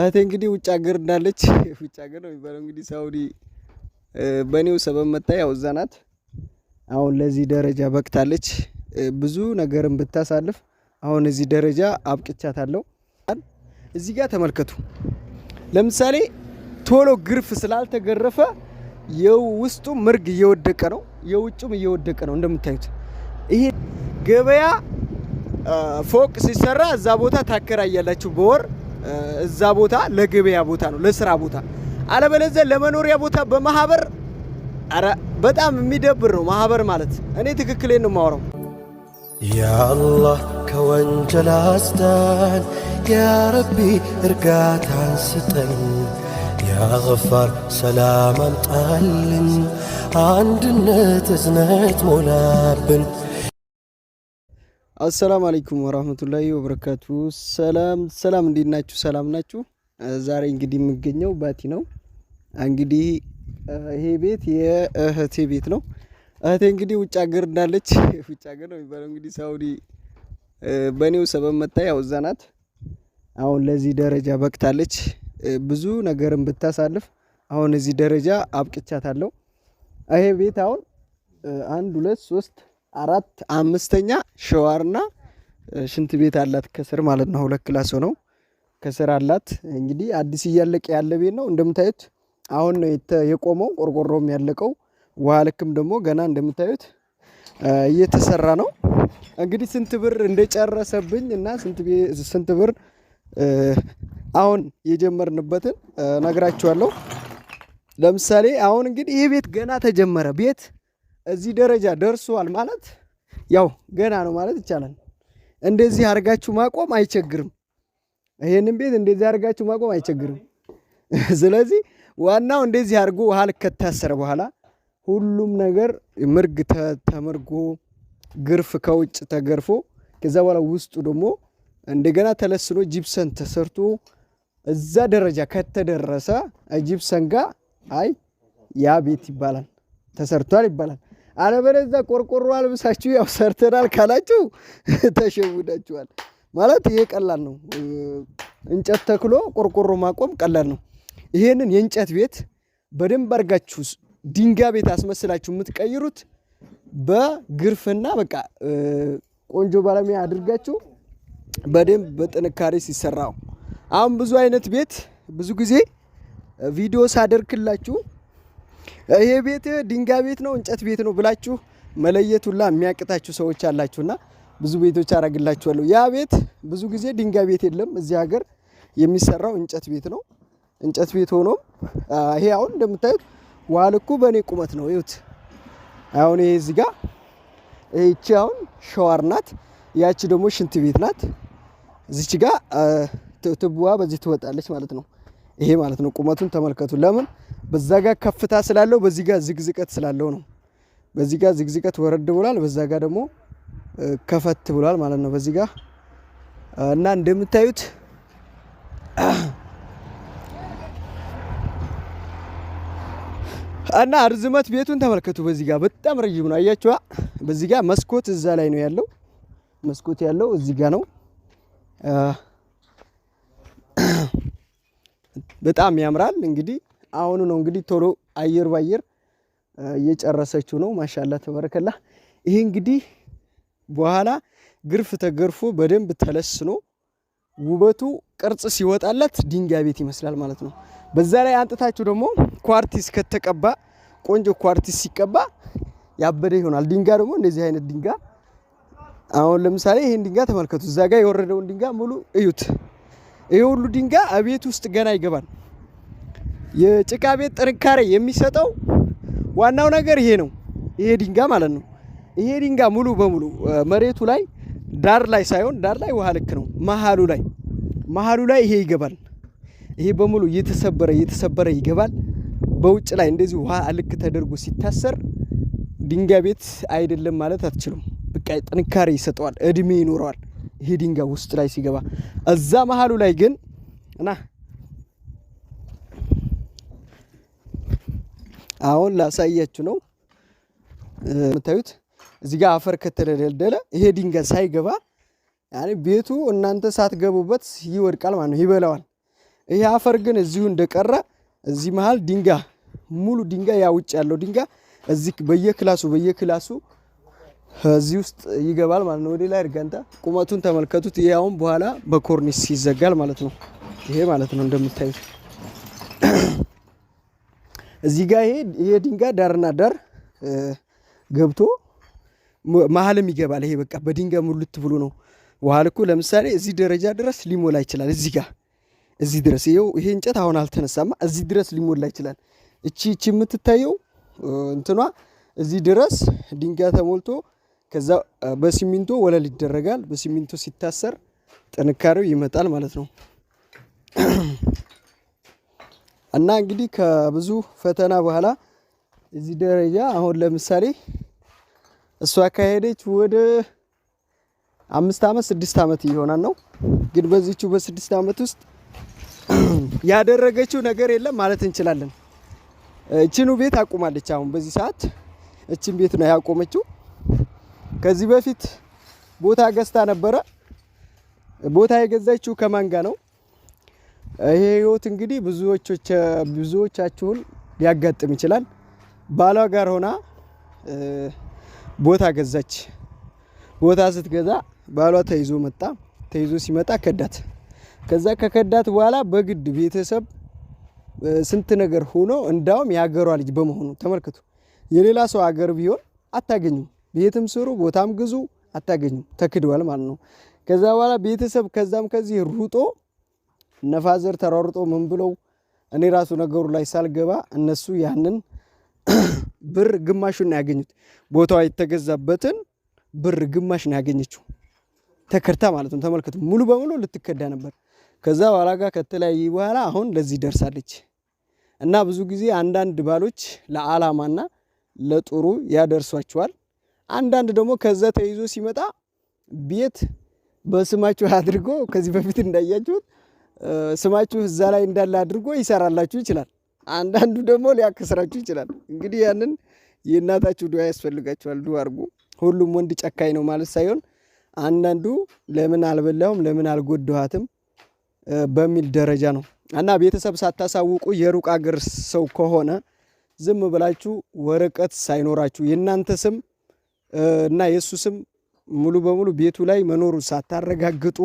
እህቴ እንግዲህ ውጭ ሀገር እንዳለች ውጭ ሀገር ነው የሚባለው እንግዲህ ሳውዲ በእኔው ሰበብ መታ ያው እዛ ናት። አሁን ለዚህ ደረጃ በቅታለች። ብዙ ነገርን ብታሳልፍ አሁን እዚህ ደረጃ አብቅቻታለሁ። እዚህ ጋር ተመልከቱ። ለምሳሌ ቶሎ ግርፍ ስላልተገረፈ የውስጡ ምርግ እየወደቀ ነው፣ የውጭም እየወደቀ ነው እንደምታዩት። ይሄ ገበያ ፎቅ ሲሰራ እዛ ቦታ ታከራያላችሁ በወር እዛ ቦታ ለገበያ ቦታ ነው፣ ለስራ ቦታ አለበለዚያ ለመኖሪያ ቦታ በማህበር ኧረ በጣም የሚደብር ነው። ማህበር ማለት እኔ ትክክሌን ነው የማወራው። ያአላህ ከወንጀል አስዳን፣ ያረቢ እርጋታን ስጠን፣ ያገፋር ሰላም አምጣልን፣ አንድነት እዝነት ሞላብን አሰላም አለይኩም ወራህመቱላሂ ወበረካቱ። ሰላም ሰላም፣ እንዴት ናችሁ? ሰላም ናችሁ? ዛሬ እንግዲህ የምገኘው ባቲ ነው። እንግዲህ ይሄ ቤት የእህቴ ቤት ነው። እህቴ እንግዲህ ውጭ ሀገር እንዳለች ውጭ ሀገር ነው የሚባለው እንግዲህ ሳውዲ በእኔው ሰበብ መጣ፣ ያው እዛ ናት። አሁን ለዚህ ደረጃ በቅታለች። ብዙ ነገርን ብታሳልፍ አሁን እዚህ ደረጃ አብቅቻታለሁ። ይሄ ቤት አሁን አንድ ሁለት ሶስት አራት አምስተኛ ሸዋርና ሽንት ቤት አላት ከስር ማለት ነው። ሁለት ክላስ ሆነው ከስር አላት። እንግዲህ አዲስ እያለቀ ያለ ቤት ነው እንደምታዩት። አሁን ነው የቆመው፣ ቆርቆሮም ያለቀው፣ ውሃ ልክም ደግሞ ገና እንደምታዩት እየተሰራ ነው። እንግዲህ ስንት ብር እንደጨረሰብኝ እና ስንት ብር አሁን የጀመርንበትን ነግራችኋለሁ። ለምሳሌ አሁን እንግዲህ ይህ ቤት ገና ተጀመረ ቤት እዚህ ደረጃ ደርሷል ማለት ያው ገና ነው ማለት ይቻላል። እንደዚህ አድርጋችሁ ማቆም አይቸግርም። ይሄንን ቤት እንደዚህ አድርጋችሁ ማቆም አይቸግርም። ስለዚህ ዋናው እንደዚህ አድርጎ ውሃል ከታሰረ በኋላ ሁሉም ነገር ምርግ ተመርጎ ግርፍ ከውጭ ተገርፎ ከዛ በኋላ ውስጡ ደግሞ እንደገና ተለስኖ ጂፕሰን ተሰርቶ እዛ ደረጃ ከተደረሰ ጂፕሰን ጋር አይ ያ ቤት ይባላል ተሰርቷል ይባላል። አለበለዚያ ቆርቆሮ አልብሳችሁ ያው ሰርተናል ካላችሁ ተሸውዳችኋል። ማለት ይሄ ቀላል ነው። እንጨት ተክሎ ቆርቆሮ ማቆም ቀላል ነው። ይሄንን የእንጨት ቤት በደንብ አድርጋችሁ ድንጋ ቤት አስመስላችሁ የምትቀይሩት በግርፍና በቃ ቆንጆ ባለሙያ አድርጋችሁ በደንብ በጥንካሬ ሲሰራው አሁን ብዙ አይነት ቤት ብዙ ጊዜ ቪዲዮ ሳደርክላችሁ ይሄ ቤት ድንጋይ ቤት ነው እንጨት ቤት ነው ብላችሁ መለየት ሁላ የሚያቅታችሁ ሰዎች አላችሁና ብዙ ቤቶች አረግላችኋለሁ። ያ ቤት ብዙ ጊዜ ድንጋይ ቤት የለም እዚህ ሀገር የሚሰራው እንጨት ቤት ነው። እንጨት ቤት ሆኖ ይሄ አሁን እንደምታዩት ዋልኩ በእኔ ቁመት ነው። ይሁት አሁን ይሄ እዚህ ጋር ይቺ አሁን ሸዋር ናት፣ ያቺ ደግሞ ሽንት ቤት ናት። እዚች ጋር ትቡዋ በዚህ ትወጣለች ማለት ነው። ይሄ ማለት ነው ቁመቱን ተመልከቱ። ለምን በዛ ጋር ከፍታ ስላለው በዚህ ጋር ዝግዝቀት ስላለው ነው። በዚህ ጋር ዝግዝቀት ወረድ ብሏል፣ በዛ ጋር ደግሞ ከፈት ብሏል ማለት ነው በዚህ ጋር እና እንደምታዩት እና ርዝመት ቤቱን ተመልከቱ። በዚህ ጋር በጣም ረጅም ነው አያችኋ። በዚህ ጋር መስኮት እዛ ላይ ነው ያለው መስኮት ያለው እዚህ ጋር ነው። በጣም ያምራል እንግዲህ አሁኑ ነው እንግዲህ ቶሎ አየር ባየር እየጨረሰችው ነው። ማሻላ ተበረከላ። ይሄ እንግዲህ በኋላ ግርፍ ተገርፎ በደንብ ተለስኖ ውበቱ ቅርጽ ሲወጣለት ድንጋይ ቤት ይመስላል ማለት ነው። በዛ ላይ አንጥታችሁ ደግሞ ኳርቲስ ከተቀባ ቆንጆ ኳርቲስ ሲቀባ ያበደ ይሆናል። ድንጋይ ደግሞ እንደዚህ አይነት ድንጋይ አሁን ለምሳሌ ይሄን ድንጋይ ተመልከቱ። እዛ ጋር የወረደውን ድንጋይ ሙሉ እዩት። ይሄ ሁሉ ድንጋይ አቤት ውስጥ ገና ይገባል። የጭቃ ቤት ጥንካሬ የሚሰጠው ዋናው ነገር ይሄ ነው። ይሄ ድንጋይ ማለት ነው። ይሄ ድንጋይ ሙሉ በሙሉ መሬቱ ላይ ዳር ላይ ሳይሆን ዳር ላይ ውሃ ልክ ነው። መሀሉ ላይ መሀሉ ላይ ይሄ ይገባል። ይሄ በሙሉ እየተሰበረ እየተሰበረ ይገባል። በውጭ ላይ እንደዚህ ውሃ ልክ ተደርጎ ሲታሰር ድንጋይ ቤት አይደለም ማለት አትችልም። በቃ ጥንካሬ ይሰጠዋል፣ እድሜ ይኖረዋል። ይሄ ድንጋይ ውስጥ ላይ ሲገባ እዛ መሀሉ ላይ ግን እና አሁን ላሳያችሁ ነው። የምታዩት እዚህ ጋር አፈር ከተደለደለ ይሄ ድንጋይ ሳይገባ ቤቱ እናንተ ሳትገቡበት ይወድቃል ማለት ነው፣ ይበላዋል። ይሄ አፈር ግን እዚሁ እንደቀረ እዚህ መሀል ድንጋይ ሙሉ ድንጋይ ያ ውጭ ያለው ድንጋይ እዚህ በየክላሱ በየክላሱ እዚህ ውስጥ ይገባል ማለት ነው። ወደ ላይ እርጋንታ ቁመቱን ተመልከቱት። ይሄ አሁን በኋላ በኮርኒስ ይዘጋል ማለት ነው። ይሄ ማለት ነው እንደምታዩት እዚህ ጋር ይሄ ይሄ ድንጋይ ዳርና ዳር ገብቶ መሀልም ይገባል። ይሄ በቃ በድንጋይ ሙሉት ብሎ ነው። ውሃ ልኩ ለምሳሌ እዚህ ደረጃ ድረስ ሊሞላ ይችላል። እዚህ ጋር እዚህ ድረስ ይኸው ይሄ እንጨት አሁን አልተነሳማ። እዚህ ድረስ ሊሞላ ይችላል። እቺ እቺ የምትታየው እንትኗ እዚህ ድረስ ድንጋይ ተሞልቶ ከዛ በሲሚንቶ ወለል ይደረጋል። በሲሚንቶ ሲታሰር ጥንካሬው ይመጣል ማለት ነው። እና እንግዲህ ከብዙ ፈተና በኋላ እዚህ ደረጃ አሁን ለምሳሌ እሷ ካሄደች ወደ አምስት ዓመት ስድስት አመት እየሆናን ነው። ግን በዚቹ በስድስት አመት ውስጥ ያደረገችው ነገር የለም ማለት እንችላለን። እችኑ ቤት አቁማለች። አሁን በዚህ ሰዓት እችን ቤት ነው ያቆመችው። ከዚህ በፊት ቦታ ገዝታ ነበረ። ቦታ የገዛችው ከማን ጋ ነው? ይሄ ህይወት እንግዲህ ብዙዎቻችሁን ሊያጋጥም ይችላል። ባሏ ጋር ሆና ቦታ ገዛች። ቦታ ስትገዛ ባሏ ተይዞ መጣ። ተይዞ ሲመጣ ከዳት። ከዛ ከከዳት በኋላ በግድ ቤተሰብ ስንት ነገር ሆኖ እንዳውም የሀገሯ ልጅ በመሆኑ ተመልክቱ። የሌላ ሰው ሀገር ቢሆን አታገኙም። ቤትም ስሩ፣ ቦታም ግዙ፣ አታገኙም። ተክድዋል ማለት ነው። ከዛ በኋላ ቤተሰብ ከዛም ከዚህ ሩጦ ነፋዘር ተሯርጦ ምን ብለው እኔ ራሱ ነገሩ ላይ ሳልገባ እነሱ ያንን ብር ግማሹን ነው ያገኙት። ቦታዋ የተገዛበትን ብር ግማሽ ነው ያገኘችው ተከርታ ማለት ነው። ተመልከቱ፣ ሙሉ በሙሉ ልትከዳ ነበር። ከዛ በኋላ ጋር ከተለያየ በኋላ አሁን ለዚህ ደርሳለች። እና ብዙ ጊዜ አንዳንድ ባሎች ለዓላማና ለጥሩ ያደርሷቸዋል። አንዳንድ ደግሞ ከዛ ተይዞ ሲመጣ ቤት በስማቸው አድርጎ ከዚህ በፊት እንዳያችሁት ስማችሁ እዛ ላይ እንዳለ አድርጎ ይሰራላችሁ ይችላል። አንዳንዱ ደግሞ ሊያከስራችሁ ይችላል። እንግዲህ ያንን የእናታችሁ ዱዓ ያስፈልጋችኋል። ዱዓ አድርጉ። ሁሉም ወንድ ጨካኝ ነው ማለት ሳይሆን አንዳንዱ ለምን አልበላሁም ለምን አልጎዳኋትም በሚል ደረጃ ነው እና ቤተሰብ ሳታሳውቁ የሩቅ አገር ሰው ከሆነ ዝም ብላችሁ ወረቀት ሳይኖራችሁ የእናንተ ስም እና የእሱ ስም ሙሉ በሙሉ ቤቱ ላይ መኖሩ ሳታረጋግጡ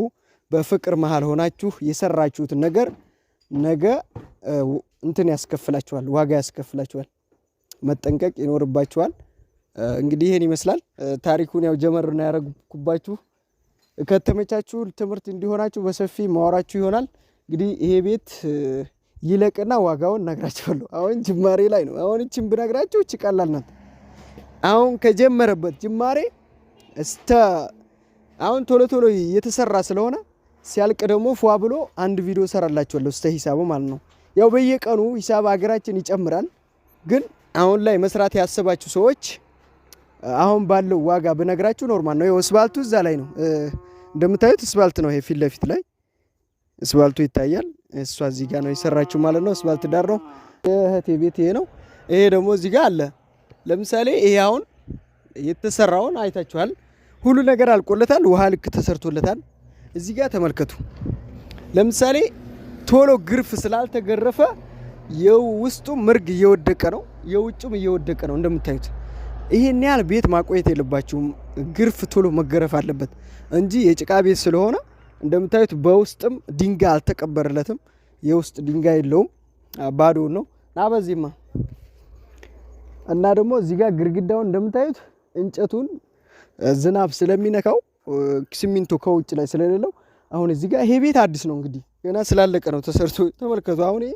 በፍቅር መሃል ሆናችሁ የሰራችሁትን ነገር ነገ እንትን ያስከፍላችኋል፣ ዋጋ ያስከፍላችኋል። መጠንቀቅ ይኖርባችኋል። እንግዲህ ይህን ይመስላል ታሪኩን ያው ጀመር ነው ያረግኩባችሁ። ከተመቻችሁ ትምህርት እንዲሆናችሁ በሰፊ ማወራችሁ ይሆናል። እንግዲህ ይሄ ቤት ይለቅና ዋጋውን እነግራችኋለሁ። አሁን ጅማሬ ላይ ነው። አሁን እችን ብነግራችሁ እች ቀላል ናት። አሁን ከጀመረበት ጅማሬ እስተ አሁን ቶሎ ቶሎ እየተሰራ ስለሆነ ሲያልቅ ደግሞ ፏ ብሎ አንድ ቪዲዮ ሰራላችኋለሁ ስተ ሂሳቡ ማለት ነው። ያው በየቀኑ ሂሳብ ሀገራችን ይጨምራል። ግን አሁን ላይ መስራት ያሰባችሁ ሰዎች አሁን ባለው ዋጋ ብነግራችሁ ኖርማል ነው። ይኸው እስባልቱ እዛ ላይ ነው እንደምታዩት እስባልት ነው። ይሄ ፊት ለፊት ላይ እስባልቱ ይታያል። እሷ እዚህ ጋር ነው የሰራችሁ ማለት ነው። እስባልት ዳር ነው እህቴ ቤት ይሄ ነው። ይሄ ደግሞ እዚህ ጋር አለ። ለምሳሌ ይሄ አሁን የተሰራውን አይታችኋል። ሁሉ ነገር አልቆለታል። ውሃ ልክ ተሰርቶለታል። እዚህ ጋር ተመልከቱ። ለምሳሌ ቶሎ ግርፍ ስላልተገረፈ የውስጡ ምርግ እየወደቀ ነው፣ የውጭም እየወደቀ ነው እንደምታዩት። ይሄን ያህል ቤት ማቆየት የለባችሁም። ግርፍ ቶሎ መገረፍ አለበት እንጂ የጭቃ ቤት ስለሆነ እንደምታዩት በውስጥም ድንጋይ አልተቀበረለትም። የውስጥ ድንጋይ የለውም፣ ባዶ ነው እና በዚህማ እና ደግሞ እዚህ ጋር ግድግዳውን እንደምታዩት እንጨቱን ዝናብ ስለሚነካው ሲሚንቶ ከውጭ ላይ ስለሌለው አሁን እዚህ ጋር ይሄ ቤት አዲስ ነው እንግዲህ ገና ስላለቀ ነው ተሰርቶ ተመልከቱ። አሁን ይሄ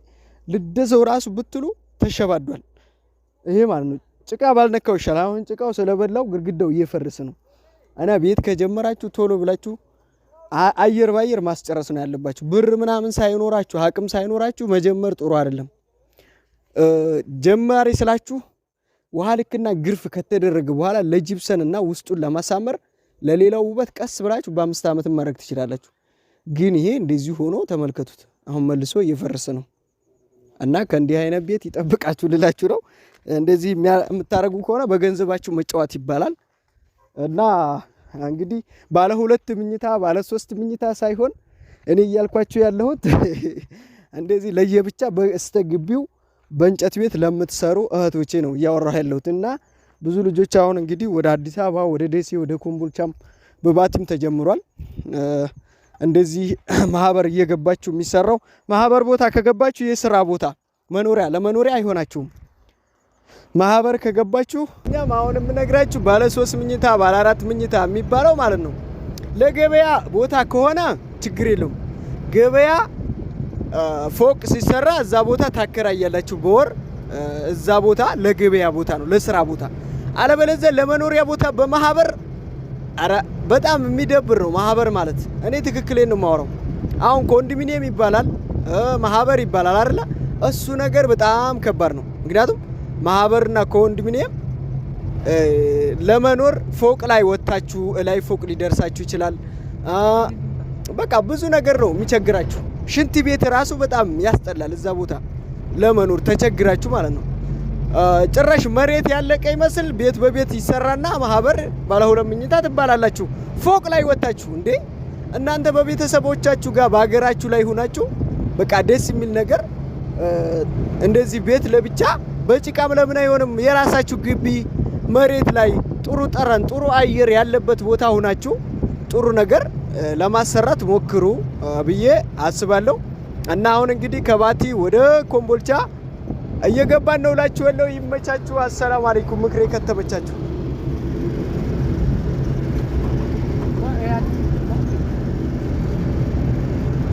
ልደሰው ራሱ ብትሉ ተሸባዷል። ይሄ ማለት ነው ጭቃ ባልነካው ይሻላል። አሁን ጭቃው ስለበላው ግድግዳው እየፈረሰ ነው እና ቤት ከጀመራችሁ ቶሎ ብላችሁ አየር ባየር ማስጨረስ ነው ያለባችሁ። ብር ምናምን ሳይኖራችሁ አቅም ሳይኖራችሁ መጀመር ጥሩ አይደለም። ጀማሪ ስላችሁ ውሃ ልክና ግርፍ ከተደረገ በኋላ ለጅብሰን እና ውስጡን ለማሳመር ለሌላው ውበት ቀስ ብላችሁ በአምስት ዓመት ማድረግ ትችላላችሁ። ግን ይሄ እንደዚህ ሆኖ ተመልከቱት። አሁን መልሶ እየፈረሰ ነው እና ከእንዲህ አይነት ቤት ይጠብቃችሁ ልላችሁ ነው። እንደዚህ የምታደርጉ ከሆነ በገንዘባችሁ መጫወት ይባላል እና እንግዲህ ባለ ሁለት ምኝታ ባለ ሶስት ምኝታ ሳይሆን እኔ እያልኳችሁ ያለሁት እንደዚህ ለየብቻ በስተግቢው በእንጨት ቤት ለምትሰሩ እህቶቼ ነው እያወራሁ ያለሁት እና ብዙ ልጆች አሁን እንግዲህ ወደ አዲስ አበባ፣ ወደ ደሴ፣ ወደ ኮምቦልቻም በባቲም ተጀምሯል። እንደዚህ ማህበር እየገባችሁ የሚሰራው ማህበር ቦታ ከገባችሁ የስራ ቦታ መኖሪያ ለመኖሪያ አይሆናችሁም። ማህበር ከገባችሁ እኛም አሁን የምነግራችሁ ባለ ሶስት ምኝታ ባለ አራት ምኝታ የሚባለው ማለት ነው። ለገበያ ቦታ ከሆነ ችግር የለውም። ገበያ ፎቅ ሲሰራ እዛ ቦታ ታከራያላችሁ በወር እዛ ቦታ ለገበያ ቦታ ነው፣ ለስራ ቦታ አለበለዚያ ለመኖሪያ ቦታ በማህበር በጣም የሚደብር ነው። ማህበር ማለት እኔ ትክክሌን ነው የማወራው። አሁን ኮንዶሚኒየም ይባላል ማህበር ይባላል አይደለ? እሱ ነገር በጣም ከባድ ነው። ምክንያቱም ማህበርና ኮንዶሚኒየም ለመኖር ፎቅ ላይ ወጥታችሁ ላይ ፎቅ ሊደርሳችሁ ይችላል። በቃ ብዙ ነገር ነው የሚቸግራችሁ። ሽንት ቤት ራሱ በጣም ያስጠላል። እዛ ቦታ ለመኖር ተቸግራችሁ ማለት ነው። ጭራሽ መሬት ያለቀ ይመስል ቤት በቤት ይሰራና ማህበር ባለሁለት መኝታ ትባላላችሁ። ፎቅ ላይ ወታችሁ እንዴ እናንተ በቤተሰቦቻችሁ ጋር በሀገራችሁ ላይ ሆናችሁ በቃ ደስ የሚል ነገር እንደዚህ ቤት ለብቻ በጭቃም ለምን አይሆንም? የራሳችሁ ግቢ መሬት ላይ ጥሩ ጠረን፣ ጥሩ አየር ያለበት ቦታ ሆናችሁ ጥሩ ነገር ለማሰራት ሞክሩ ብዬ አስባለሁ እና አሁን እንግዲህ ከባቲ ወደ ኮምቦልቻ እየገባን ነው እላችኋለሁ። ይመቻችሁ። አሰላሙ አለይኩም። ምክሬ ከተመቻችሁ